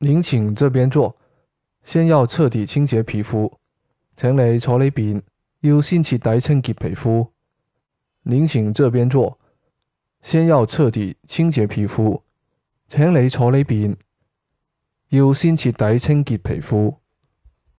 您請這邊坐，先要徹底清潔皮膚，請你坐呢邊，要先徹底清潔皮膚。您請這邊坐，先要徹底清潔皮膚，請你坐呢邊，要先徹底清潔皮膚。